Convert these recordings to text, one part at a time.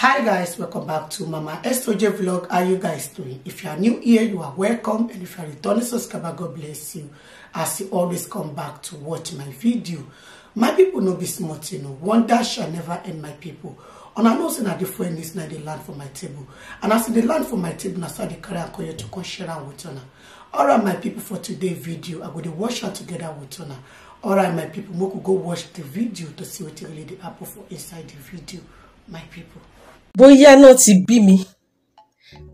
hi guys welcome back to mama soj vlog how you guys doing if you are new here you are welcome and if you are returning subscriber god bless you as you always come back to watch my video my people no be small you know wonder shall never end my people and i know say na the friends na dey land for my table and as dey land for my table na so the dey carry am come to come share am with una alright my people for today's video i go to wash out together with una alright my people make we go watch the video to see what really the apple for inside the video my people bóyá náà ti bí mi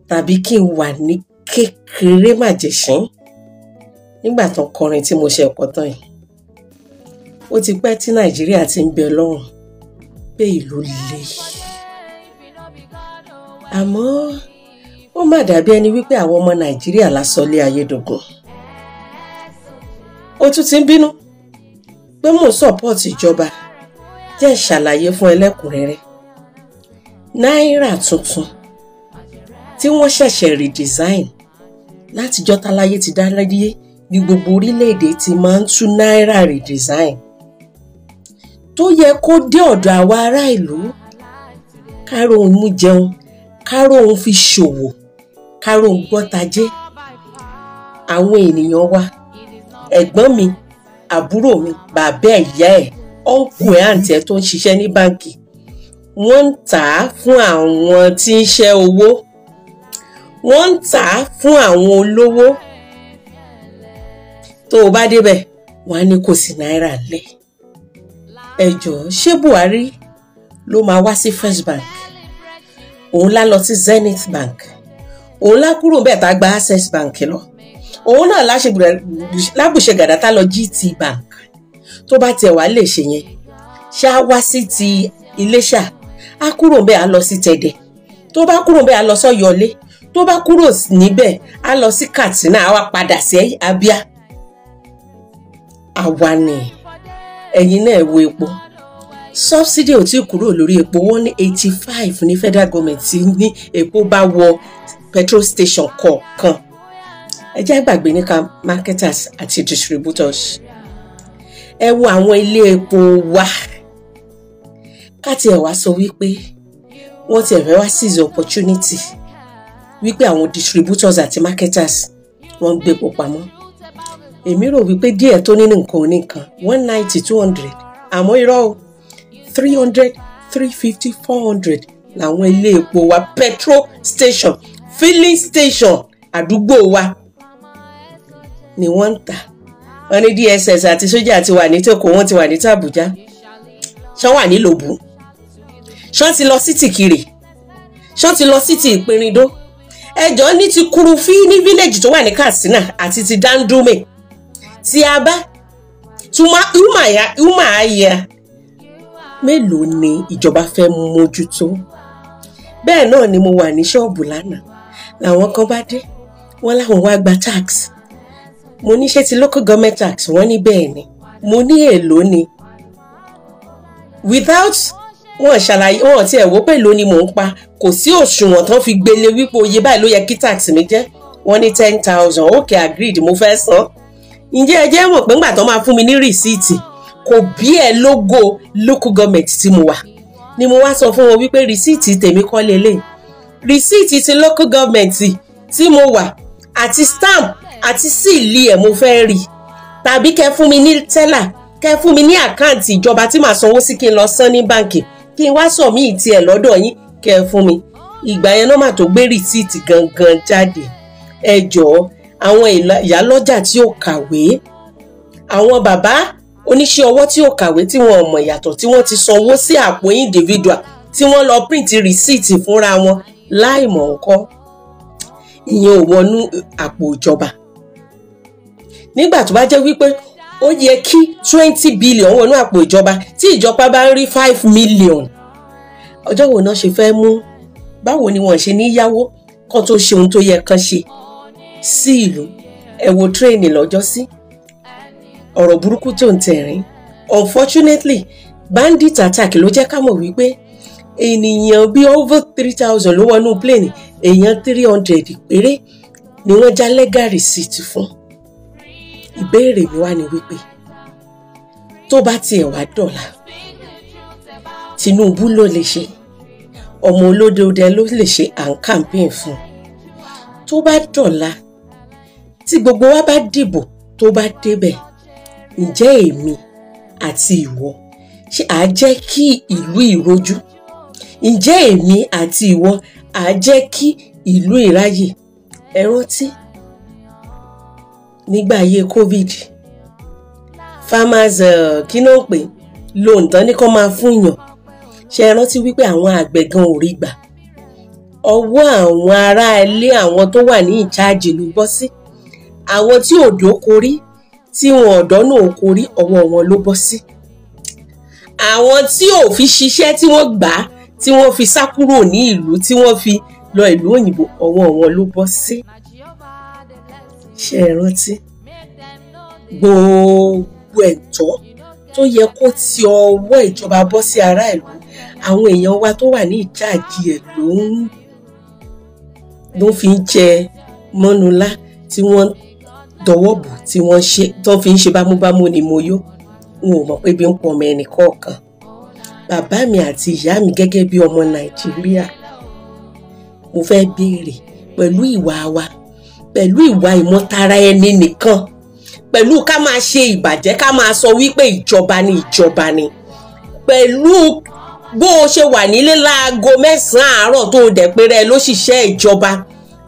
tàbí kí n wà ní kékeré màjèṣín nígbà tán kọrin tí mo ṣe kọ tán yìí ó ti pẹ́ tí nàìjíríà ti ń bẹ lọ́rùn pé ìlú le àmọ́ ó má dàbí ẹni wípé àwọn ọmọ nàìjíríà lásọlé ayédògún ó tún ti ń bínú pé mò ń sọpọ́ọ̀tì ìjọba jẹ́ ìṣàlàyé fún ẹlẹ́kùnrẹ́rẹ́ náírà tuntun tí wọ́n ṣẹ̀ṣẹ̀ redesign látijọ́ táláyé ti dáláyé ní gbogbo orílẹ̀-èdè ti máa ń tún náírà redesign tó yẹ kó dé ọ̀dọ̀ àwa ará ìlú káró òun mú jẹun káró òun fi ṣòwò káró òun gbọ́tajé àwọn ènìyàn wa ẹ̀gbọ́n mi àbúrò mi bàbá ẹ̀yà ẹ̀ ọ̀nkù ẹ̀ tó ń ṣiṣẹ́ ní báǹkì wọ́n ń tà á fún àwọn tí ń ṣẹ́ owó wọ́n ń tà á fún àwọn olówó tó o bá débẹ̀ wọ́n á ní kò sí náírà lẹ̀ ẹ jọ̀ọ́ ṣé Buhari ló máa wá sí First Bank òun lá lọ sí Zenith Bank òun lá kúrò bẹ́ẹ̀ tá a gba Access Bank lọ òun náà lábùṣe gàdá tá lọ GT Bank tó bá tiẹ̀ wá lè ṣe yẹn ṣá wá sí ti Iléṣà á kúrò bẹ́ẹ̀ á lọ sí tẹ̀dẹ̀ tó bá kúrò bẹ́ẹ̀ á lọ sọ́yọ̀lé tó bá kúrò níbẹ̀ á lọ sí Katsina á wá padà sí Abia àwa ni ẹ̀yin náà wo epo subsidy ò tí kúrò lórí epo wọ́n ní eighty five ní federal government ti ní epo bá wọ petrol station kọ̀ọ̀kan ẹ jẹ́ gbàgbé nípa marketers àti distributors ẹ wo àwọn ilé epo wa ká tiẹ̀ wá sọ wípé wọ́n tiẹ̀ fẹ́ wá seize opportunity wípé àwọn distributors àti marketers wọ́n ń gbépo pamọ́ èmi rò wípé díẹ̀ tó nínú nǹkan ò ní nǹkan one ninety two hundred àmọ́ irọ́ o three hundred three fifty four hundred làwọn ilé epo wa petrol station filling station àdúgbò wa ni wọ́n ń tà wọ́n ní DSS àti sójà ti wà ní tòkó wọ́n ti wà ní tàbújá ṣé wà ní lòbù ṣọ́n ti lọ sí tìkìrì ṣọ́n ti lọ sí ti ìpirindó ẹjọ́ ní ti kurufí ní fílẹ̀jì tó wà ní Katsina àti ti Dandume ti Aba tuma umaya umaya mélòó ni ìjọba fẹ́ mójútó bẹ́ẹ̀ náà ni mo wà ní ṣọ́ọ̀bù lánàá làwọn kan bá dé wọ́n láwọn wá gba tax mo ní ṣe ti local government tax wọ́n ní bẹ́ẹ̀ ni mo ní èèlò ni without wọn ṣàlàyé wọn ti ẹ̀wọ́ pẹ̀lú ni mò ń pa kò sí òṣùwọ̀n tán fi gbélé wípé oye báyìí ló yẹ kí tax mi jẹ́ wọ́n ní ten thousand okay agreed mo fẹ́ san ǹjẹ́ ẹ jẹ́ mọ̀ pé ńgbà tán máa fún mi ní rìsíìtì kò bí ẹ lógo local government tí mo wà ni mo wá sọ fún wọn wípé rìsíìtì tèmi kọ́ lélẹ̀ rìsíìtì ti local government tí mo wà àti stamp àti síìlì ẹ̀ mo fẹ́ rí tàbí kẹ́ fún mi ní tẹ́là kẹ́ fún mi ní àkáǹtì ìjọba tí màá sanwó sí kí n lọ san ní báǹkì kí n wá sọ mí ìtì ẹ̀ lọ́dọ̀ yín kẹ́ ẹ fún mi ìgbà yẹn náà mà tó gbé rìsíìtì gangan jáde ẹ jọ̀ọ́ àwọn ìyálọ́jà tí ò kàwé àwọn bàbá oníṣẹ́ ọwọ́ tí ò kàwé tí wọn ò mọ̀ ìyàtọ̀ tí wọ́n ti sanwó sí àpò individual tí wọ́n lọ print rìsíìtì fúnra wọn láì mọ̀ nǹkan ìyẹn ò wọnú àpò ìjọba nígbà tó bá jẹ́ wípé ó yẹ kí twenty billion wọnú àpò ìjọba tí ìjọba bá ń rí five million ọjọ́ wo náà ṣe fẹ́ mú báwo ni wọ́n ṣe ní yáwó kan tó ṣe ohun tó yẹ kan ṣe sí ìlú ẹ wo tírèènì lọ́jọ́ sí ọ̀rọ̀ burúkú tó ń tẹ̀rín unfortunately bandit attack ló jẹ́ ká mọ̀ wípé ènìyàn bíi over three thousand ló wọnú plane èèyàn three hundred péré ni wọ́n já lẹ́gàrì sí ti fún ìbéèrè mi wá ni wípé tó bá tiẹ̀ wá dọ̀la Tinubu ló lè ṣe ọmọ olódòdẹ ló lè ṣe à ń campaign fún tó bá dọ̀la tí gbogbo wa bá dìbò tó bá débẹ̀ ǹjẹ́ èmi àti ìwọ ṣé à jẹ́ kí ìlú ìrojú ǹjẹ́ èmi àti ìwọ à jẹ́ kí ìlú ìráyè ẹ rántí nígbà ayé covid farmers uh, kí ló ń pè lóun tán ní kó máa fún yàn ṣe rántí wípé àwọn àgbẹ̀ gan ò rí gbà ọwọ́ àwọn ará ilé àwọn tó wà ní ìcháàjì ló bọ́ sí àwọn tí ò dókorí tí wọn ọ̀dọ́ náà korí ọwọ́ wọn ló bọ́ sí àwọn tí ò fi ṣiṣẹ́ tí wọ́n gbà á tí wọ́n fi sá kúrò ní ìlú tí wọ́n fi lọ ìlú òyìnbó ọwọ́ wọn ló bọ́ sí ṣe é rántí gbogbo ẹ̀tọ́ tó yẹ kó ti ọwọ́ ìjọba bọ́ sí ará ìlú àwọn èèyàn wa tó wà ní ìjáàjì ẹ̀ ló ń ló fi ń jẹ mọ́nulá tí wọ́n dọwọ́ bò tí wọ́n ṣe tó fi ń ṣe bámúbámú ni mo yó n ò mọ̀ pé bí ń pọ̀ ọmọ ẹnì kọ̀ọ̀kan bàbá mi àti ìyá mi gẹ́gẹ́ bí ọmọ nàìjíríà mo fẹ́ béèrè pẹ̀lú ìwà wa pẹ̀lú ìwà ìmọ̀tara ẹni nìkan pẹ̀lú ká máa ṣe ìbàjẹ́ ká máa sọ wípé ìjọba ni ìjọba ni pẹ̀lú bó o ṣe wà nílé láago mẹ́sàn-án àárọ̀ tó o dẹ̀ péré lóṣìṣẹ́ ìjọba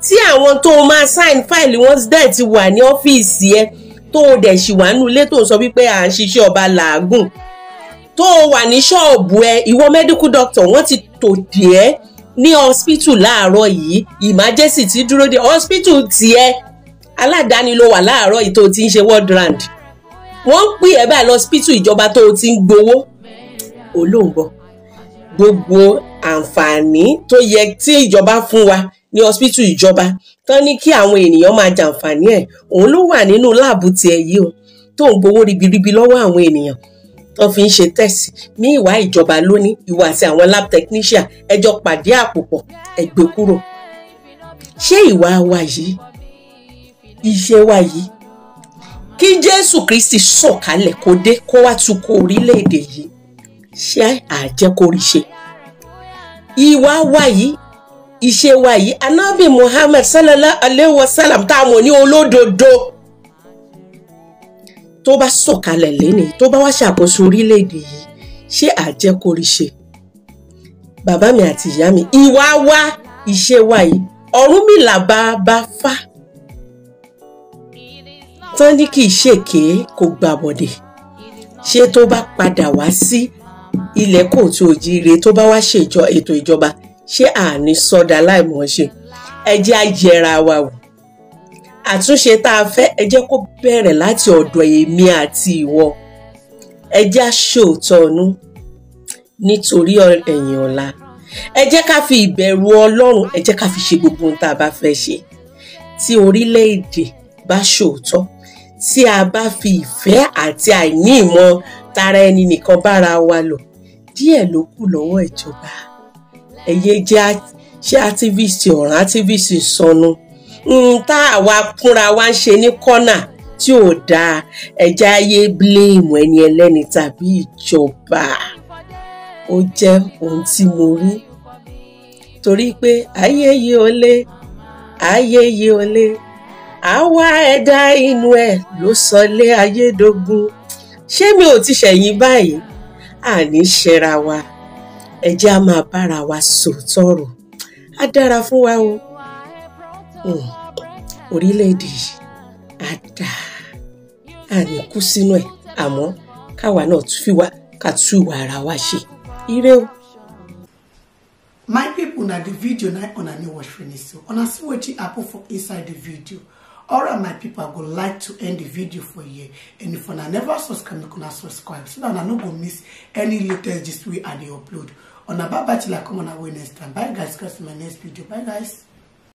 tí àwọn tó o máa sign fáìlì wọn dẹ̀ ti wà ní ọ́fíìsì ẹ tó o dẹ̀ ṣì wà nílé tó o sọ wípé à ń ṣiṣẹ́ ọba làágùn tó o wà ní ṣọ́ọ̀bù ẹ ìwọ mẹ́díkù dọ́kítọ̀ wọ́n ti tò ẹ́ ní hospital láàárọ̀ yìí emergency ti dúró de hospital tiẹ̀ aládàáni ló wà láàárọ̀ yìí tó ti ń ṣe world round wọ́n ń pè ẹ́ báyìí hospital ìjọba tó ti ń gbowó olóńgbò gbogbo àǹfààní tó yẹ tí ìjọba fún wa ní hospital ìjọba tán ní kí àwọn ènìyàn máa jàǹfààní ẹ̀ òun ló wà nínú láàbù tiẹ̀ yìí o tó ń gbowó ribiribi lọ́wọ́ àwọn ènìyàn tó fi ń ṣe tẹ̀sì ní ìwà ìjọba lónìí ìwà àti àwọn lab technician ẹjọ́ pàdé àpòpọ̀ ẹ gbé kúrò ṣé ìwà wa yìí iṣẹ́ wa yìí kí Jésù Kristi sọ̀kalẹ̀ kó dé kó wá tukọ̀ orílẹ̀-èdè yìí ṣé àjẹkórí ṣe ìwà wa yìí iṣẹ́ wa yìí anábì Muhammad sallallahu alayhi wa sallam tá ní olódodo tó bá sọ̀kalẹ̀ lénìí tó bá wá ṣàkóso orílẹ̀-èdè yìí ṣé àjẹkóríṣe bàbá mi àti ìyá mi ìwà wa ìṣe wa yìí Ọ̀rúnmìlà bàbá fá tán ní kì í ṣèké kò gbàbọ̀dẹ̀ ṣé tó bá padà wá sí ilẹ̀ kóòtù òjíire tó bá wá ṣèjọ ètò ìjọba ṣé àní sọdá láìmọ̀ ṣe ẹ jẹ́ wa wò àtúnṣe tá a fẹ́ ẹ jẹ́ kó bẹ̀rẹ̀ láti ọ̀dọ̀ èmi àti ìwọ ẹ jẹ́ àṣẹ òótọ́ ọ̀nú nítorí ẹ̀yìn ọ̀la ẹ jẹ́ ká fi ìbẹ̀rù ọlọ́run ẹ jẹ́ ká fi ṣe gbogbo ohun tá a bá fẹ́ ṣe tí orílẹ̀-èdè bá ṣòótọ́ tí a bá fi ìfẹ́ àti àìní ìmọ̀ tara ẹni nìkan bára wa lò díẹ̀ ló kù lọ́wọ́ ìjọba ẹ̀yẹ jẹ́ ṣé activist ọ̀ràn activist sọnù. So no n tá àwa kúnra wa ń ṣe ní kọ́nà tí ò dáa ẹ̀já ayé bíléèmù ẹni ẹlẹ́ni tàbí ìjọba ó jẹ́ ohun tí mo rí torí pé ayé yìí ò lé ayé yìí ò lé àwa ẹ̀dá inú ẹ̀ ló sọ lé ayédógún ṣé mi ò ti ṣẹ̀yìn báyìí àní ṣẹra wa ẹ jẹ́ a máa bára wa sòótọ́ ọ̀rọ̀ á dára fún wa o orílẹ̀-èdè yìí á dáa kú sínú ẹ̀ àmọ́ káwa náà fi wá ká tú ìwà ara wa ṣe ire o. my pipo na di video na una new watch finish so una see wetin happen for inside di video All alright my pipo i go like to end di video for here and if una never subscribe make una subscribe so dat una no go miss any latest gist wey i dey upload una bye bye till i come on our next time bye guys catch my next video bye guys